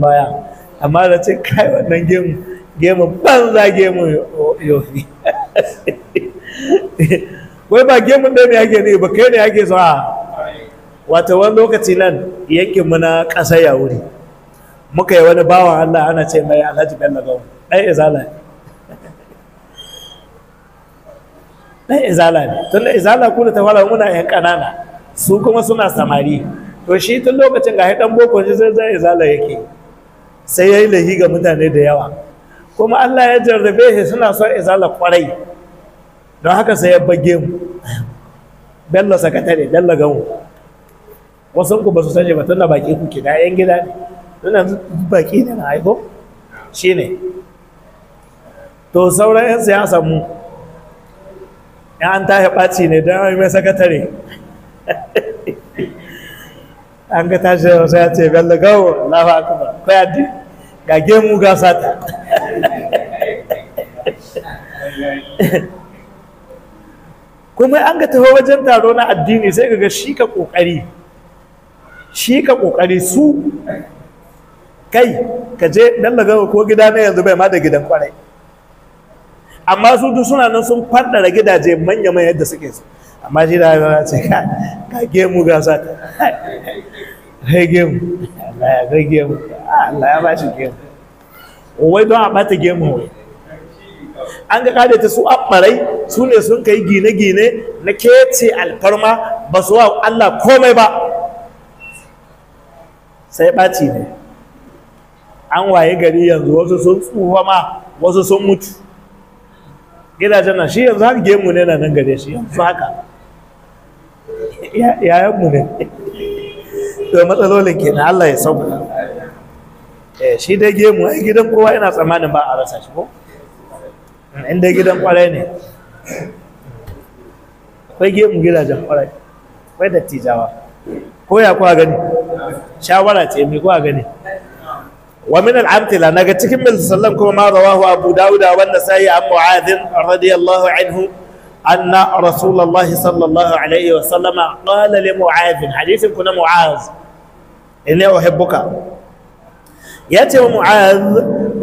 baya amma da ce kai wannan gemu gemu banza gemu yofi wai ba gemun da ne ake ne ba kai ne ake zuwa ah. wata wani lokaci nan yankin mu na ƙasar ya muka yi wani bawan Allah ana ce mai Alhaji Bello Gawo ɗan izala ne ɗan izala ne tun da izala kuna ta fara muna yan ƙanana su kuma suna samari to shi tun lokacin ga ɗan boko shi zai zai izala yake sai ya yi lahi ga mutane da yawa kuma Allah ya jarrabe shi suna son izala kwarai don haka sai ya bage mu bello sakatare bello gawo wasan ku ba su sanje ba tun da baki kuke da yan gida ne tun baki ne na aiko shi ne to sauran yan siyasa mu ya an tahi ɓaci ne don yi mai sakatare an ga tashi da wasu ya ce bello gawo lafa akuba kai di ga gemu ga sata kuma an ga taho wajen taro na addini sai ga shi ka kokari shi ka kokari su kai ka je dan daga ko gida na yanzu bai ma da gidan kwarai amma su duk suna nan sun faddara gidaje manya manya yadda suke su amma shi da ya ce ka gemu ga sata akwai gemu akwai gemu Allah ya bashi gemu wai don a bata gemu wai an ga kada ta su abbarai su ne sun kai gine-gine na kece alfarma ba su wa Allah komai ba sai ɓaci ne an waye gari yanzu wasu sun tsufa ma wasu sun mutu gidajen na shi yanzu haka gemu ne na nan gare shi yanzu haka yayanmu ne to matsalolin na Allah ya sauka eh shi dai gemu ai gidan kowa ina tsammanin ba a rasa shi ko in dai gidan kwarai ne akwai gemu gidajen kwarai akwai dattijawa ko ya kuwa gani shawara ce mai kuwa gani wa min al-amtila naga cikin mil sallam kuma ma rawahu abu dauda wa an-nasai an mu'adh radiyallahu anhu أن رسول sallallahu alaihi wa عليه وسلم قال لمعاذ حديث كنا معاذ inni uhibbuka yace wa mu'adh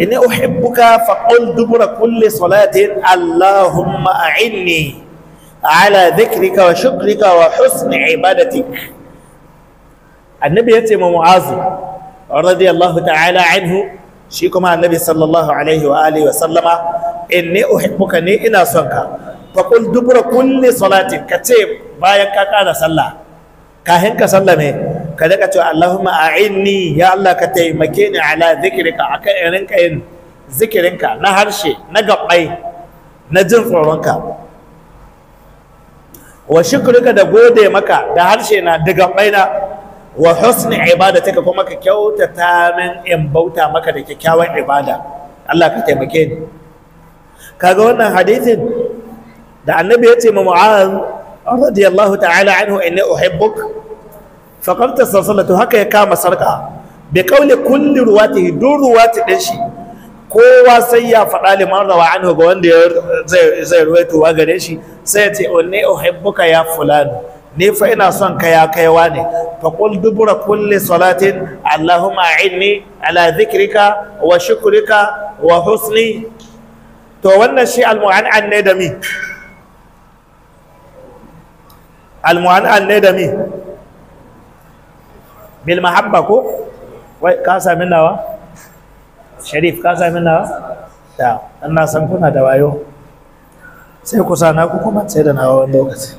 inni uhibbuka faqul dubura kulli salatin allahumma a'inni ala dhikrika wa shukrika wa husni ibadatik annabi yace wa mu'adh radiyallahu ta'ala anhu shi kuma annabi sallallahu alaihi wa alihi wa sallama inni uhibbuka ni ina son ka faqul dubura kulli salatin kace bayan ka kana sallah kahin ka sallame ka daga cewa Allahumma a'inni ya Allah ka taimake ni ala zikrika a kan irin yin zikirinka na harshe na gabbai na jin tsoronka wa shukrika da gode maka da harshe na da gabbai na wa husni taka kuma ka kyautata min in bauta maka da kyakkyawan ibada Allah ka taimake ni kaga wannan hadisin da annabi ya ce ma mu'az radiyallahu ta'ala anhu inni uhibbuk faƙarta to haka ya kama sarka bai kaule kulli ruwati duk ruwati ɗin shi kowa sai ya faɗa liman rawa an ga wanda zai ruwaitowa gare shi sai ya ce oh, ne uhibbuka ya fulani nifa fa ina son ka ya kaiwa ne fa qul dubura kulli salatin allahumma a'inni ala dhikrika wa shukrika wa husni to wannan shi almu'an'an ne ne da mi bil mahabba ko wai ka sami nawa sharif ka sami nawa da an na san kuna da wayo sai ku sana ku kuma sai da nawa wani lokaci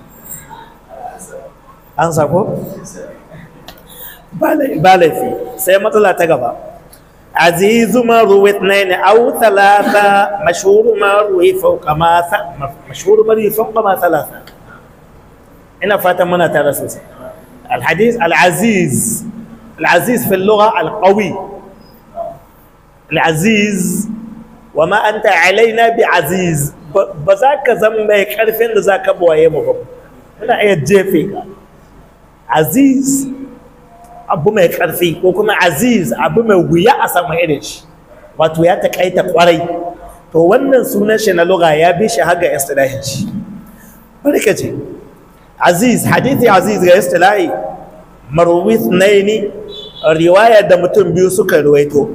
an sako ba laifi sai matsala ta gaba azizu ma ne ne au talata mashuru ma ruwi fauka ma mashuru ma ruwi fauka ma talata ina fatan muna tare sosai alhadis al-aziz العزيز في اللغة القوي العزيز وما أنت علينا بعزيز بذاك زمن بيكرفين ذاك أبو أيامهم هنا أي جيفي عزيز أبو ما يكرفي وكما عزيز أبو ما ويا أسمع إيش واتويا تكاي تقاري تو ونن سونا شنا لغة يا بيش هاجا استلاهي ملكتي عزيز حديثي عزيز غير استلاهي marwis naini riwaya da mutum biyu suka ruwaito